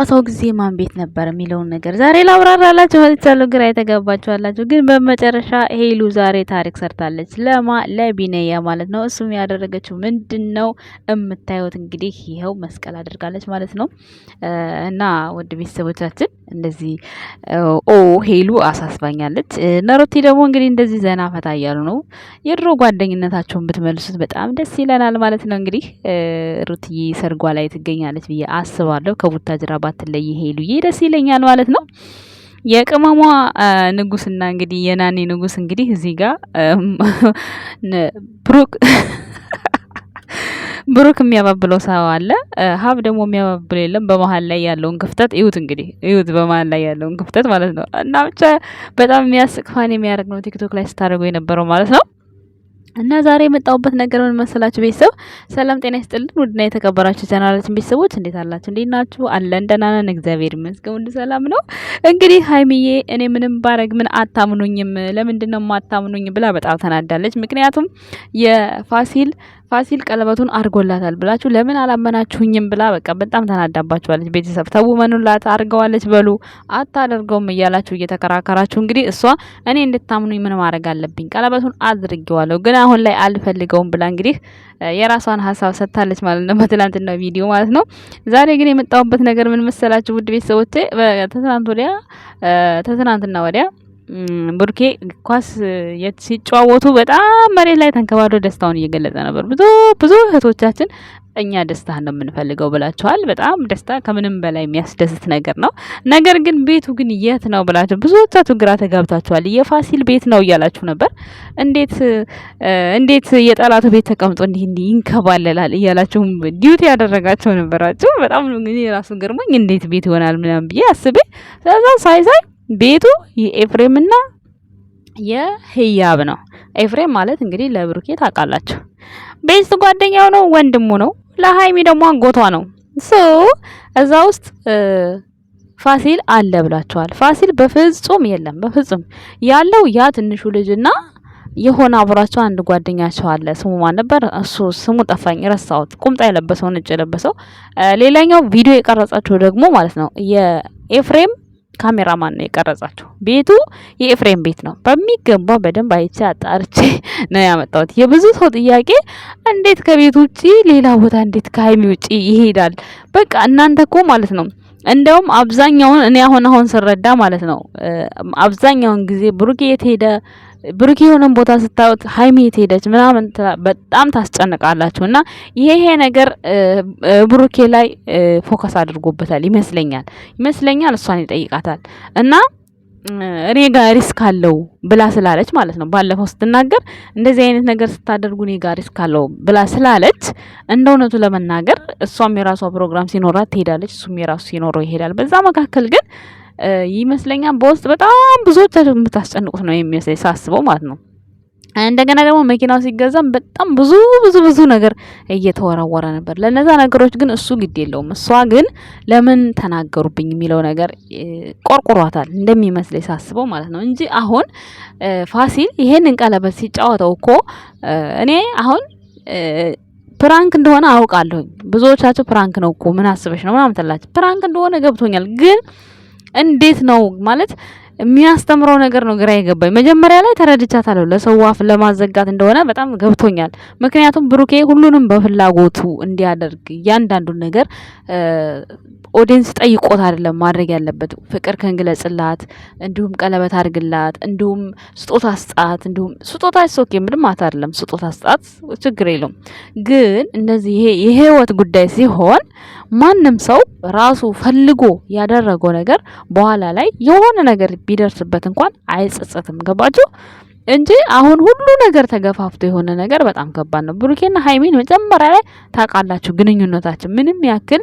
በጨዋታው ጊዜ ማን ቤት ነበር የሚለውን ነገር ዛሬ ላብራራላችሁ መጥቻለሁ። ግራ የተጋባችኋላችሁ ግን በመጨረሻ ሄሉ ዛሬ ታሪክ ሰርታለች። ለማ ለቢነያ ማለት ነው። እሱም ያደረገችው ምንድን ነው የምታዩት እንግዲህ ይኸው መስቀል አድርጋለች ማለት ነው። እና ውድ ቤተሰቦቻችን እንደዚህ ኦ ሄሉ አሳስባኛለች። ነሮቲ ደግሞ እንግዲህ እንደዚህ ዘና ፈታ እያሉ ነው። የድሮ ጓደኝነታቸውን ብትመልሱት በጣም ደስ ይለናል ማለት ነው። እንግዲህ ሩትዬ ሰርጓ ላይ ትገኛለች ብዬ አስባለሁ ከቡታጅራ ባትለይ ሄሉዬ ደስ ይለኛል ማለት ነው። የቅመሟ ንጉስና እንግዲህ የናኔ ንጉስ እንግዲህ እዚህ ጋር ብሩክ ብሩክ የሚያባብለው ሰው አለ። ሀብ ደግሞ የሚያባብለው የለም። በመሀል ላይ ያለውን ክፍተት እዩት እንግዲህ እዩት፣ በመሀል ላይ ያለውን ክፍተት ማለት ነው። እና ብቻ በጣም የሚያስቅ ፋን የሚያደርግ ነው ቲክቶክ ላይ ስታደርጉ የነበረው ማለት ነው። እና ዛሬ የመጣሁበት ነገር ምን መሰላችሁ? ቤተሰብ ሰላም ጤና ይስጥልን። ውድና የተከበራችሁ ቻናላችን ቤተሰቦች እንዴት አላችሁ? እንዴት ናችሁ? አለን ደህና ነን፣ እግዚአብሔር ይመስገን፣ ሁሉ ሰላም ነው። እንግዲህ ሀይሚዬ እኔ ምንም ባረግ ምን አታምኑኝም፣ ለምንድን ነው የማታምኑኝ ብላ በጣም ተናዳለች። ምክንያቱም የፋሲል ፋሲል ቀለበቱን አድርጎላታል ብላችሁ ለምን አላመናችሁኝም ብላ በቃ በጣም ተናዳባችኋለች። ቤተሰብ ተውመኑላት አድርገዋለች በሉ አታደርገውም እያላችሁ እየተከራከራችሁ እንግዲህ እሷ እኔ እንድታምኑኝ ምን ማድረግ አለብኝ? ቀለበቱን አድርጌዋለሁ ግን አሁን ላይ አልፈልገውም ብላ እንግዲህ የራሷን ሀሳብ ሰጥታለች ማለት ነው፣ በትላንትና ቪዲዮ ማለት ነው። ዛሬ ግን የመጣሁበት ነገር ምን መሰላችሁ? ውድ ቤተሰቦቼ ተትናንት ወዲያ ተትናንትና ወዲያ ብሩኬ ኳስ ሲጨዋወቱ በጣም መሬት ላይ ተንከባዶ ደስታውን እየገለጸ ነበር። ብዙ ብዙ እህቶቻችን እኛ ደስታ ነው የምንፈልገው ብላችኋል። በጣም ደስታ ከምንም በላይ የሚያስደስት ነገር ነው። ነገር ግን ቤቱ ግን የት ነው ብላችሁ ብዙዎቻችሁ ግራ ተጋብታችኋል። የፋሲል ቤት ነው እያላችሁ ነበር። እንዴት እንዴት የጠላቱ ቤት ተቀምጦ እንዲህ እንዲህ ይንከባለላል እያላችሁ ዲዩቲ ያደረጋቸው ነበራችሁ። በጣም እኔ ራሱ ገርሞኝ እንዴት ቤት ይሆናል ምናምን ብዬ አስቤ ከዛ ቤቱ የኤፍሬምና የህያብ ነው። ኤፍሬም ማለት እንግዲህ ለብሩኬ ታውቃላችሁ ቤስት ጓደኛው ነው፣ ወንድሙ ነው። ለሀይሚ ደግሞ አጎቷ ነው። ሶ እዛ ውስጥ ፋሲል አለ ብላችኋል። ፋሲል በፍጹም የለም፣ በፍጹም ያለው ያ ትንሹ ልጅና የሆነ አብሯቸው አንድ ጓደኛቸው አለ። ስሙ ማን ነበር? እሱ ስሙ ጠፋኝ፣ ረሳሁት። ቁምጣ የለበሰው ነጭ የለበሰው ሌላኛው ቪዲዮ የቀረጻቸው ደግሞ ማለት ነው የኤፍሬም ካሜራማን ነው የቀረጻቸው። ቤቱ የኤፍሬም ቤት ነው በሚገባ በደንብ አይቼ አጣርቼ ነው ያመጣሁት። የብዙ ሰው ጥያቄ እንዴት ከቤት ውጪ ሌላ ቦታ እንዴት ከሀይሚ ውጪ ይሄዳል? በቃ እናንተ እኮ ማለት ነው እንደውም አብዛኛውን እኔ አሁን አሁን ስረዳ ማለት ነው አብዛኛውን ጊዜ ብሩክ የት ሄደ ብሩክ የሆነን ቦታ ስታዩት ሀይሚ የት ሄደች ምናምን በጣም ታስጨንቃላችሁ። እና ይሄ ነገር ብሩኬ ላይ ፎከስ አድርጎበታል ይመስለኛል ይመስለኛል እሷን ይጠይቃታል እና እኔ ጋር ሪስክ አለው ብላ ስላለች ማለት ነው። ባለፈው ስትናገር እንደዚህ አይነት ነገር ስታደርጉ እኔ ጋር ሪስክ አለው ብላ ስላለች እንደ እውነቱ ለመናገር እሷም የራሷ ፕሮግራም ሲኖራት ትሄዳለች፣ እሱም የራሱ ሲኖረው ይሄዳል። በዛ መካከል ግን ይመስለኛል። በውስጥ በጣም ብዙዎች የምታስጨንቁት ነው የሚመስለኝ ሳስበው ማለት ነው። እንደገና ደግሞ መኪናው ሲገዛም በጣም ብዙ ብዙ ብዙ ነገር እየተወራወረ ነበር። ለነዛ ነገሮች ግን እሱ ግድ የለውም። እሷ ግን ለምን ተናገሩብኝ የሚለው ነገር ቆርቁሯታል እንደሚመስለኝ ሳስበው ማለት ነው እንጂ አሁን ፋሲል ይሄንን ቀለበት ሲጫወተው እኮ እኔ አሁን ፕራንክ እንደሆነ አውቃለሁኝ። ብዙዎቻቸው ፕራንክ ነው እኮ ምን አስበሽ ነው ምናምን ትላችሁ። ፕራንክ እንደሆነ ገብቶኛል ግን እንዴት ነው ማለት የሚያስተምረው ነገር ነው ግራ የገባኝ። መጀመሪያ ላይ ተረድቻታለሁ ለሰው አፍ ለማዘጋት እንደሆነ በጣም ገብቶኛል። ምክንያቱም ብሩኬ ሁሉንም በፍላጎቱ እንዲያደርግ እያንዳንዱን ነገር ኦዲንስ ጠይቆት አይደለም ማድረግ ያለበት። ፍቅር ከንግለጽላት፣ እንዲሁም ቀለበት አድርግላት፣ እንዲሁም ስጦታ ስጣት። እንዲሁም ስጦታ ሶክ ምንም አይደለም ስጦታ ስጣት፣ ችግር የለውም። ግን እነዚህ ይሄ የህይወት ጉዳይ ሲሆን ማንም ሰው ራሱ ፈልጎ ያደረገው ነገር በኋላ ላይ የሆነ ነገር ቢደርስበት እንኳን አይጸጸትም። ገባችሁ? እንጂ አሁን ሁሉ ነገር ተገፋፍቶ የሆነ ነገር በጣም ከባድ ነው። ብሩኬና ሀይሚን መጀመሪያ ላይ ታውቃላችሁ፣ ግንኙነታችን ምንም ያክል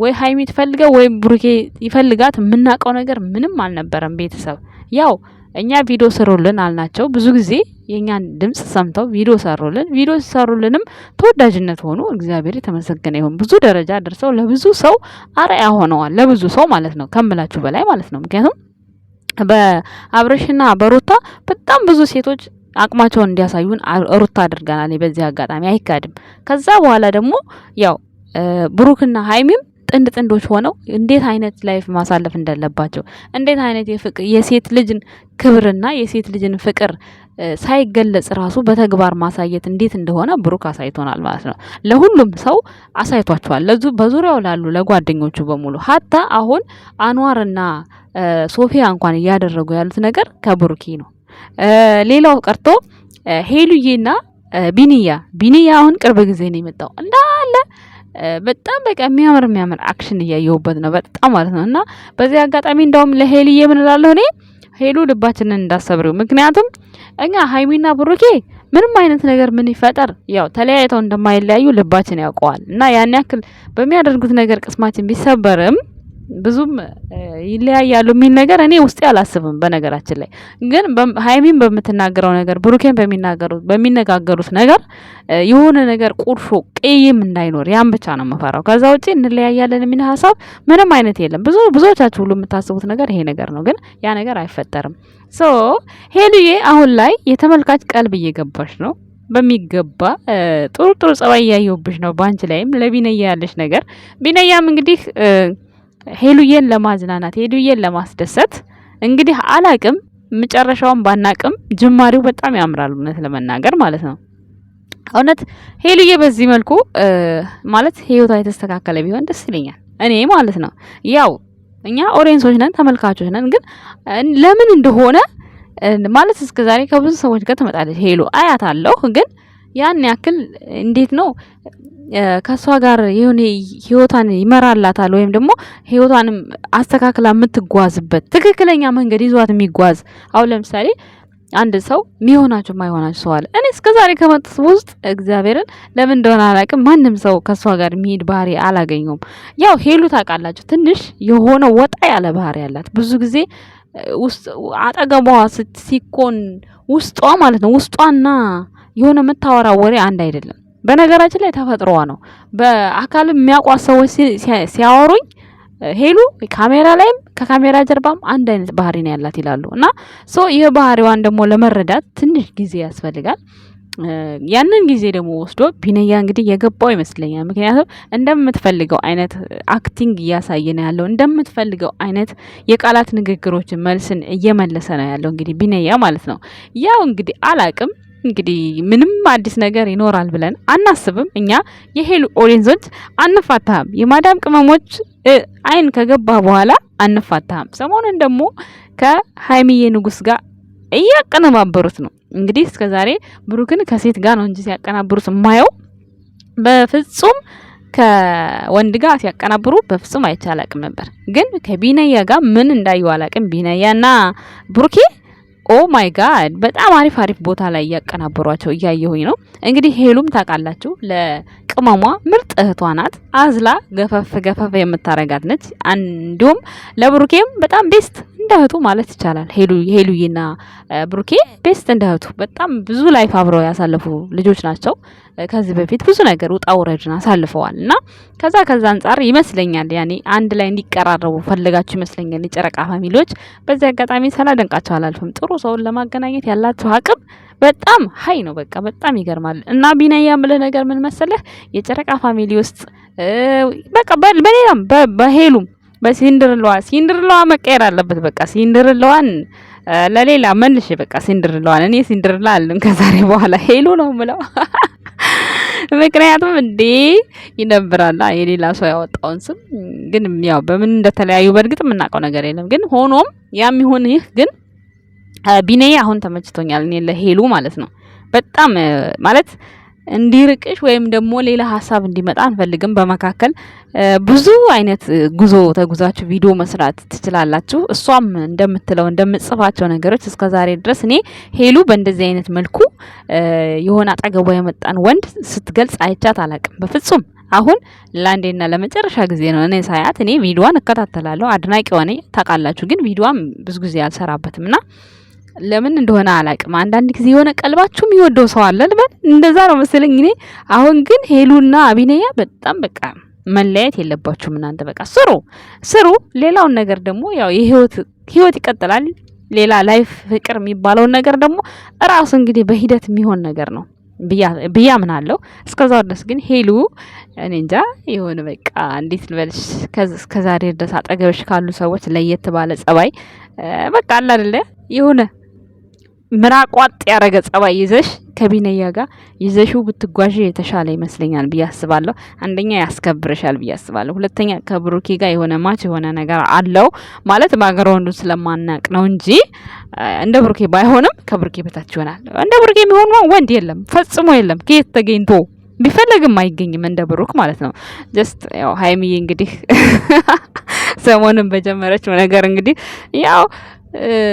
ወይ ሀይሚ ትፈልገው ወይም ብሩኬ ይፈልጋት የምናውቀው ነገር ምንም አልነበረም። ቤተሰብ ያው እኛ ቪዲዮ ስሩልን አልናቸው። ብዙ ጊዜ የእኛን ድምጽ ሰምተው ቪዲዮ ሰሩልን። ቪዲዮ ሲሰሩልንም ተወዳጅነት ሆኑ። እግዚአብሔር የተመሰገነ ይሁን። ብዙ ደረጃ ደርሰው ለብዙ ሰው አርአያ ሆነዋል። ለብዙ ሰው ማለት ነው ከምላችሁ በላይ ማለት ነው ምክንያቱም በአብረሽና በሩታ በጣም ብዙ ሴቶች አቅማቸውን እንዲያሳዩን ሩታ አድርገናል። በዚህ አጋጣሚ አይካድም። ከዛ በኋላ ደግሞ ያው ብሩክና ሀይሚም ጥንድ ጥንዶች ሆነው እንዴት አይነት ላይፍ ማሳለፍ እንዳለባቸው እንዴት አይነት የሴት ልጅን ክብርና የሴት ልጅን ፍቅር ሳይገለጽ ራሱ በተግባር ማሳየት እንዴት እንደሆነ ብሩክ አሳይቶናል ማለት ነው። ለሁሉም ሰው አሳይቷቸዋል። በዙሪያው ላሉ ለጓደኞቹ በሙሉ ሀታ አሁን አንዋርና ሶፊያ እንኳን እያደረጉ ያሉት ነገር ከብሩኪ ነው። ሌላው ቀርቶ ሄሉዬና ቢንያ ቢንያ አሁን ቅርብ ጊዜ ነው የመጣው እንዳለ በጣም በቃ የሚያምር የሚያምር አክሽን እያየሁበት ነው በጣም ማለት ነው። እና በዚህ አጋጣሚ እንደውም ለሄልዬ ምን እላለሁ እኔ ሄሉ ልባችንን እንዳሰብሪው ምክንያቱም እኛ ሀይሚና ብሩኬ ምንም አይነት ነገር ምን ይፈጠር ያው ተለያይተው እንደማይለያዩ ልባችን ያውቀዋል እና ያን ያክል በሚያደርጉት ነገር ቅስማችን ቢሰበርም ብዙም ይለያያሉ የሚል ነገር እኔ ውስጤ አላስብም። በነገራችን ላይ ግን ሀይሚን በምትናገረው ነገር ብሩኬን በሚናገሩት በሚነጋገሩት ነገር የሆነ ነገር ቁርሾ ቀይም እንዳይኖር ያን ብቻ ነው የምፈራው። ከዛ ውጪ እንለያያለን የሚል ሀሳብ ምንም አይነት የለም። ብዙ ብዙዎቻችሁ ሁሉ የምታስቡት ነገር ይሄ ነገር ነው፣ ግን ያ ነገር አይፈጠርም። ሶ ሄሉዬ አሁን ላይ የተመልካች ቀልብ እየገባች ነው በሚገባ ጥሩ ጥሩ ጸባይ እያየሁብሽ ነው። በአንቺ ላይም ለቢነያ ያለሽ ነገር ቢነያም እንግዲህ ሄሉዬን ለማዝናናት ሄሉዬን ለማስደሰት እንግዲህ አላቅም መጨረሻውን ባናቅም ጅማሬው በጣም ያምራል፣ እውነት ለመናገር ማለት ነው። እውነት ሄሉዬ በዚህ መልኩ ማለት ህይወቷ የተስተካከለ ቢሆን ደስ ይለኛል፣ እኔ ማለት ነው። ያው እኛ ኦሬንሶች ነን፣ ተመልካቾች ነን። ግን ለምን እንደሆነ ማለት እስከዛሬ ከብዙ ሰዎች ጋር ትመጣለች ሄሉ አያት አለሁ ግን ያን ያክል እንዴት ነው ከእሷ ጋር የሆነ ህይወቷን ይመራላታል ወይም ደግሞ ህይወቷንም አስተካክላ የምትጓዝበት ትክክለኛ መንገድ ይዟት የሚጓዝ አሁን ለምሳሌ አንድ ሰው የሚሆናቸው ማይሆናቸው ሰው አለ። እኔ እስከ ዛሬ ከመጡት ውስጥ እግዚአብሔርን ለምን እንደሆነ አላውቅም፣ ማንም ሰው ከእሷ ጋር የሚሄድ ባህሪ አላገኘውም። ያው ሄሉ ታውቃላችሁ፣ ትንሽ የሆነ ወጣ ያለ ባህሪ ያላት ብዙ ጊዜ ውስጥ አጠገቧ ሲኮን ውስጧ ማለት ነው ውስጧና የሆነ የምታወራ ወሬ አንድ አይደለም። በነገራችን ላይ ተፈጥሮዋ ነው። በአካል የሚያውቋት ሰዎች ሲያወሩኝ ሄሉ ካሜራ ላይም ከካሜራ ጀርባም አንድ አይነት ባህሪ ነው ያላት ይላሉ። እና ሶ ይህ ባህሪዋን ደግሞ ለመረዳት ትንሽ ጊዜ ያስፈልጋል። ያንን ጊዜ ደግሞ ወስዶ ቢነያ እንግዲህ የገባው ይመስለኛል። ምክንያቱም እንደምትፈልገው አይነት አክቲንግ እያሳየ ነው ያለው፣ እንደምትፈልገው አይነት የቃላት ንግግሮችን መልስን እየመለሰ ነው ያለው። እንግዲህ ቢነያ ማለት ነው። ያው እንግዲህ አላቅም እንግዲህ ምንም አዲስ ነገር ይኖራል ብለን አናስብም። እኛ የሄሉ ኦዲየንሶች አንፋታም የማዳም ቅመሞች አይን ከገባ በኋላ አንፋታም ሰሞኑን ደግሞ ከሀይሚዬ ንጉስ ጋር እያቀነባበሩት ነው። እንግዲህ እስከዛሬ ብሩክን ከሴት ጋር ነው እንጂ ሲያቀናብሩት የማየው በፍጹም ከወንድ ጋር ሲያቀናብሩ በፍጹም አይቻላቅም ነበር። ግን ከቢነያ ጋር ምን እንዳየው አላቅም። ቢነያና ብሩኬ ኦ ማይ ጋድ በጣም አሪፍ አሪፍ ቦታ ላይ እያቀናበሯቸው እያየሁኝ ነው። እንግዲህ ሄሉም ታውቃላችሁ ለቅመሟ ምርጥ እህቷ ናት። አዝላ ገፈፍ ገፈፍ የምታረጋት ነች። እንዲሁም ለብሩኬም በጣም ቤስት እንደ እህቱ ማለት ይቻላል። ሄሉ ሄሉዬና ብሩኬ ቤስት እንደ እህቱ በጣም ብዙ ላይፍ አብረው ያሳለፉ ልጆች ናቸው። ከዚህ በፊት ብዙ ነገር ውጣ ውረድን አሳልፈዋል እና ከዛ ከዛ አንጻር ይመስለኛል ያኔ አንድ ላይ እንዲቀራረቡ ፈልጋችሁ ይመስለኛል የጨረቃ ፋሚሊዎች። በዚህ አጋጣሚ ሳላደንቃቸው አላልፍም። ጥሩ ሰውን ለማገናኘት ያላችሁ አቅም በጣም ሀይ ነው። በቃ በጣም ይገርማል። እና ቢናያ ምልህ ነገር ምን መሰለህ የጨረቃ ፋሚሊ ውስጥ በቃ በሌላም በሄሉም በሲንድርሏ ሲንድርላዋ መቀየር አለበት። በቃ ሲንድርሏን ለሌላ መልሽ። በቃ ሲንድርሏን እኔ ሲንድርላ አለም ከዛሬ በኋላ ሄሎ ነው ምለው ምክንያቱም እንዴ ይነብራል። የሌላ ሰው ያወጣውን ስም ግን ያው በምን እንደተለያዩ በእርግጥ የምናውቀው ነገር የለም። ግን ሆኖም ያም ይሁን ይህ ግን ቢኔ አሁን ተመችቶኛል። እኔ ለሄሉ ማለት ነው በጣም ማለት እንዲርቅሽ ወይም ደግሞ ሌላ ሀሳብ እንዲመጣ አንፈልግም። በመካከል ብዙ አይነት ጉዞ ተጉዛችሁ ቪዲዮ መስራት ትችላላችሁ። እሷም እንደምትለው እንደምጽፋቸው ነገሮች እስከ ዛሬ ድረስ እኔ ሄሉ በእንደዚህ አይነት መልኩ የሆነ አጠገቧ የመጣን ወንድ ስትገልጽ አይቻት አላቅም በፍጹም። አሁን ለአንዴና ለመጨረሻ ጊዜ ነው እኔ ሳያት። እኔ ቪዲዮዋን እከታተላለሁ፣ አድናቂ ሆነ ታውቃላችሁ። ግን ቪዲዮዋም ብዙ ጊዜ አልሰራበትም ና ለምን እንደሆነ አላቅም። አንዳንድ ጊዜ የሆነ ቀልባችሁም የሚወደው ሰው አለ ልበል፣ እንደዛ ነው መሰለኝ እኔ። አሁን ግን ሄሉና አቢነያ በጣም በቃ መለያየት የለባችሁም እናንተ በቃ ስሩ ስሩ። ሌላውን ነገር ደግሞ ያው የህይወት ህይወት ይቀጥላል። ሌላ ላይፍ ፍቅር የሚባለውን ነገር ደግሞ እራሱ እንግዲህ በሂደት የሚሆን ነገር ነው ብያ ምን አለው። እስከዛው ድረስ ግን ሄሉ እኔ እንጃ የሆነ በቃ እንዴት ልበልሽ፣ እስከዛሬ ድረስ አጠገብሽ ካሉ ሰዎች ለየት ባለ ጸባይ በቃ አላደለ የሆነ ምራቋጥ ያረገ ጸባይ ይዘሽ ከቢነያ ጋር ይዘሹ ብትጓዥ የተሻለ ይመስለኛል ብዬ አስባለሁ። አንደኛ ያስከብርሻል ብዬ አስባለሁ። ሁለተኛ ከብሩኬ ጋር የሆነ ማች የሆነ ነገር አለው ማለት በሀገር ወንዱ ስለማናቅ ነው እንጂ እንደ ብሩኬ ባይሆንም ከብሩኬ በታች ይሆናል። እንደ ብሩኬ የሚሆን ወንድ የለም፣ ፈጽሞ የለም። ከየት ተገኝቶ ቢፈለግም አይገኝም እንደ ብሩክ ማለት ነው። ጀስት ያው ሀይሚዬ እንግዲህ ሰሞኑን በጀመረችው ነገር እንግዲህ ያው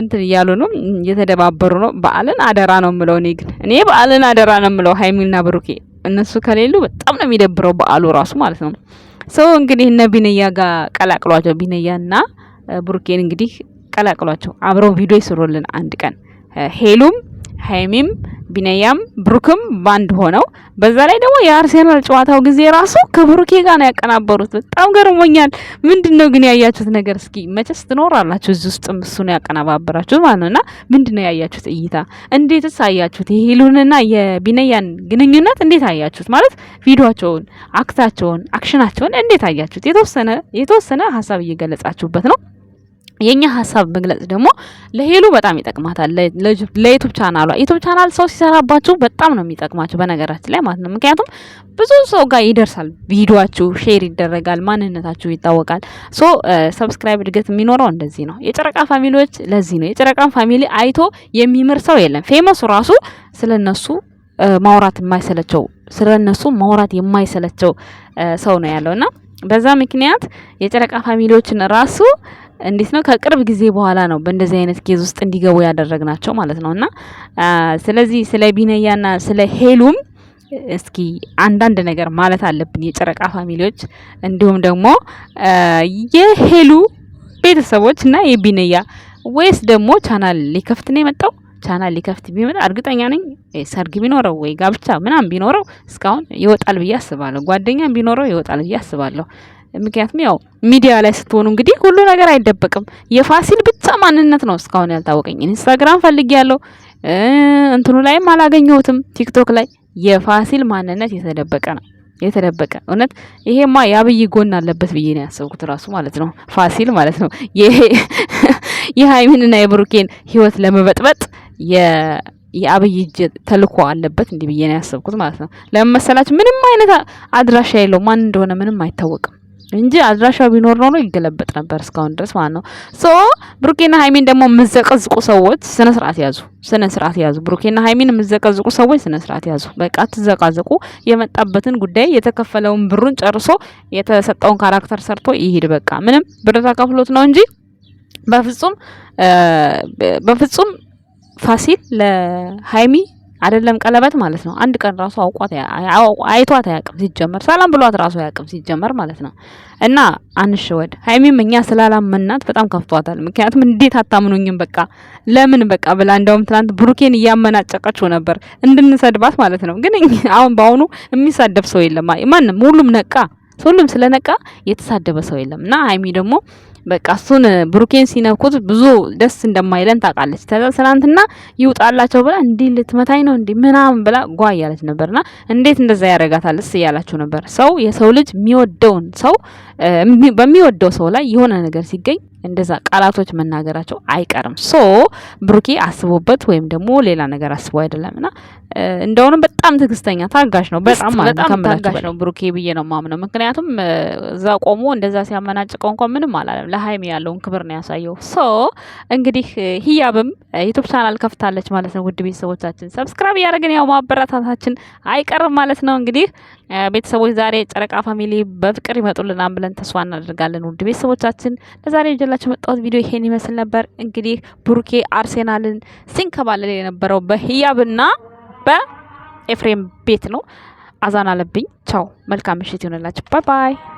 እንትን እያሉ ነው እየተደባበሩ ነው። በዓልን አደራ ነው የምለው እኔ ግን እኔ በዓልን አደራ ነው የምለው ሀይሚልና ብሩኬ እነሱ ከሌሉ በጣም ነው የሚደብረው በዓሉ ራሱ ማለት ነው። ሰው እንግዲህ እነ ቢነያ ጋር ቀላቅሏቸው፣ ቢነያና ብሩኬን እንግዲህ ቀላቅሏቸው፣ አብረው ቪዲዮ ይስሩልን አንድ ቀን ሄሉም ሀይሚም ቢነያም ብሩክም ባንድ ሆነው በዛ ላይ ደግሞ የአርሴናል ጨዋታው ጊዜ ራሱ ከብሩኬ ጋር ነው ያቀናበሩት። በጣም ገርሞኛል። ምንድን ነው ግን ያያችሁት ነገር? እስኪ መቼስ ትኖራላችሁ እዚህ ውስጥ እሱ ነው ያቀናባበራችሁ ማለት ነው። እና ምንድን ነው ያያችሁት እይታ? እንዴትስ አያችሁት? የሄሉንና የቢነያን ግንኙነት እንዴት አያችሁት? ማለት ቪዲዮቸውን፣ አክታቸውን፣ አክሽናቸውን እንዴት አያችሁት? የተወሰነ የተወሰነ ሀሳብ እየገለጻችሁበት ነው የኛ ሀሳብ መግለጽ ደግሞ ለሄሉ በጣም ይጠቅማታል። ለዩቱብ ቻናሏ ዩቱብ ቻናል ሰው ሲሰራባችሁ በጣም ነው የሚጠቅማችሁ በነገራችን ላይ ማለት ነው። ምክንያቱም ብዙ ሰው ጋር ይደርሳል ቪዲዮችሁ፣ ሼር ይደረጋል፣ ማንነታችሁ ይታወቃል። ሶ ሰብስክራይብ እድገት የሚኖረው እንደዚህ ነው። የጨረቃ ፋሚሊዎች ለዚህ ነው። የጨረቃን ፋሚሊ አይቶ የሚምር ሰው የለም። ፌመሱ ራሱ እነሱ ማውራት የማይሰለቸው እነሱ ማውራት የማይሰለቸው ሰው ነው ያለውና በዛ ምክንያት የጨረቃ ፋሚሊዎችን ራሱ እንዴት ነው ከቅርብ ጊዜ በኋላ ነው በእንደዚህ አይነት ኬዝ ውስጥ እንዲገቡ ያደረግናቸው ማለት ነው። እና ስለዚህ ስለ ቢነያና ስለ ሄሉም እስኪ አንዳንድ ነገር ማለት አለብን የጨረቃ ፋሚሊዎች፣ እንዲሁም ደግሞ የሄሉ ቤተሰቦች እና የቢነያ ወይስ ደግሞ ቻናል ሊከፍት ነው የመጣው ቻናል ሊከፍት ቢመጣ እርግጠኛ ነኝ ሰርግ ቢኖረው ወይ ጋብቻ ምናምን ቢኖረው እስካሁን ይወጣል ብዬ አስባለሁ። ጓደኛም ቢኖረው ይወጣል ብዬ አስባለሁ። ምክንያቱም ያው ሚዲያ ላይ ስትሆኑ እንግዲህ ሁሉ ነገር አይደበቅም። የፋሲል ብቻ ማንነት ነው እስካሁን ያልታወቀኝ። ኢንስታግራም ፈልጌ ያለው እንትኑ ላይም አላገኘሁትም። ቲክቶክ ላይ የፋሲል ማንነት የተደበቀ ነው የተደበቀ እውነት። ይሄማ የአብይ ጎን አለበት ብዬ ነው ያሰብኩት ራሱ ማለት ነው ፋሲል ማለት ነው። ይሄ የሀይሚንና የብሩኬን ህይወት ለመበጥበጥ የአብይ እጅ ተልኮ አለበት እንዲህ ብዬ ነው ያሰብኩት ማለት ነው። ለመመሰላችሁ ምንም አይነት አድራሻ የለው ማን እንደሆነ ምንም አይታወቅም። እንጂ አድራሻ ቢኖር ኖሮ ይገለበጥ ነበር እስካሁን ድረስ ማለት ነው። ሶ ብሩኬና ሀይሚን ደግሞ የምዘቀዝቁ ሰዎች ስነ ስርዓት ያዙ፣ ስነ ስርዓት ያዙ። ብሩኬና ሀይሚን የምዘቀዝቁ ሰዎች ስነ ስርዓት ያዙ። በቃ ትዘቃዘቁ። የመጣበትን ጉዳይ የተከፈለውን ብሩን ጨርሶ የተሰጠውን ካራክተር ሰርቶ ይሄድ። በቃ ምንም ብር ተከፍሎት ነው እንጂ በፍጹም በፍጹም ፋሲል ለሀይሚ አይደለም ቀለበት ማለት ነው። አንድ ቀን ራሱ አውቋት አይቷት አያውቅም ሲጀመር፣ ሰላም ብሏት ራሱ አያውቅም ሲጀመር ማለት ነው። እና አንሸወድ ሀይሚም እኛ ስላላመናት በጣም ከፍቷታል። ምክንያቱም እንዴት አታምኑኝም በቃ ለምን በቃ ብላ እንደውም ትናንት ብሩኬን እያመናጨቀችው ነበር እንድንሰድባት ማለት ነው። ግን አሁን በአሁኑ የሚሳደብ ሰው የለም። ማንም ሁሉም ነቃ፣ ሁሉም ስለነቃ የተሳደበ ሰው የለም እና ሀይሚ ደግሞ በቃ እሱን ብሩኬን ሲነኩት ብዙ ደስ እንደማይለን ታውቃለች። ትናንትና ይውጣላቸው ብላ እንዲህ ልትመታኝ ነው እንዲ ምናምን ብላ ጓ እያለች ነበርና እንዴት እንደዛ ያረጋታል ስ እያላችሁ ነበር። ሰው የሰው ልጅ የሚወደውን ሰው በሚወደው ሰው ላይ የሆነ ነገር ሲገኝ እንደዛ ቃላቶች መናገራቸው አይቀርም። ሶ ብሩኬ አስቦበት ወይም ደግሞ ሌላ ነገር አስቦ አይደለም እና እንደውንም በጣም ትግስተኛ ታጋሽ ነው። በጣም ማለት ታጋሽ ነው ብሩኬ ብዬ ነው ማምነው። ምክንያቱም እዛ ቆሞ እንደዛ ሲያመናጭቀው እንኳን ምንም አላለም። ለሀይሚ ያለውን ክብር ነው ያሳየው። ሶ እንግዲህ ሂያብም ዩቱብ ቻናል ከፍታለች ማለት ነው። ውድ ቤተሰቦቻችን ሰብስክራይብ እያደረግን ያው ማበረታታችን አይቀርም ማለት ነው። እንግዲህ ቤተሰቦች ዛሬ ጨረቃ ፋሚሊ በፍቅር ይመጡልናል ብለን ተስፋ እናደርጋለን። ውድ ቤተሰቦቻችን ለዛሬ ይዤላችሁ መጣሁት ቪዲዮ ይሄን ይመስል ነበር። እንግዲህ ብሩኬ አርሴናልን ሲንከባለል የነበረው በህያብና በኤፍሬም ቤት ነው። አዛን አለብኝ። ቻው፣ መልካም ምሽት ይሆንላችሁ። ባይ ባይ።